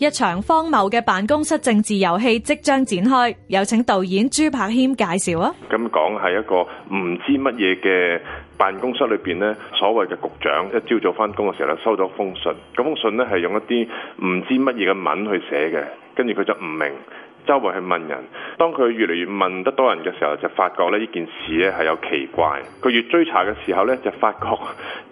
一場荒謬嘅辦公室政治遊戲即將展開，有請導演朱柏謙介紹啊！咁講係一個唔知乜嘢嘅辦公室裏邊呢，所謂嘅局長一朝早返工嘅時候就收咗封信，封信呢係用一啲唔知乜嘢嘅文去寫嘅，跟住佢就唔明，周圍去問人。當佢越嚟越問得多人嘅時候，就發覺咧呢件事咧係有奇怪。佢越追查嘅時候咧，就發覺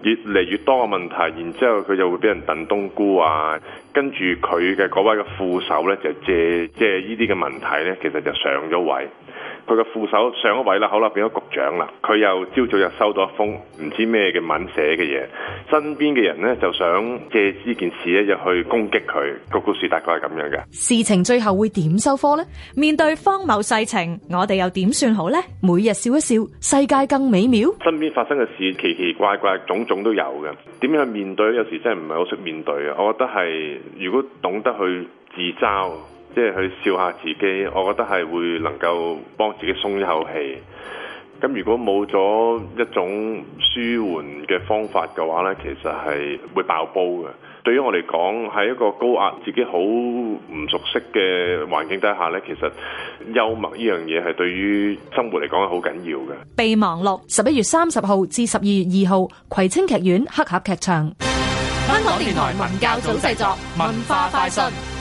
越嚟越多嘅問題。然之後佢就會俾人燉冬菇啊，跟住佢嘅嗰位嘅副手咧，就借即係呢啲嘅問題咧，其實就上咗位。佢個副手上一位啦，好啦，變咗局長啦。佢又朝早又收到一封唔知咩嘅文寫嘅嘢，身邊嘅人呢，就想借呢件事呢，就去攻擊佢。個故事大概係咁樣嘅。事情最後會點收科呢？面對荒謬世情，我哋又點算好呢？每日笑一笑，世界更美妙。身邊發生嘅事奇奇怪怪，種種都有嘅。點樣去面對？有時真係唔係好識面對嘅。我覺得係如果懂得去自嘲。即係去笑下自己，我覺得係會能夠幫自己鬆一口氣。咁如果冇咗一種舒緩嘅方法嘅話呢，其實係會爆煲嘅。對於我嚟講，喺一個高壓、自己好唔熟悉嘅環境底下呢，其實幽默呢樣嘢係對於生活嚟講係好緊要嘅。《備忘錄》十一月三十號至十二月二號，葵青劇院黑盒劇場。香港電台文教組製作文化快訊。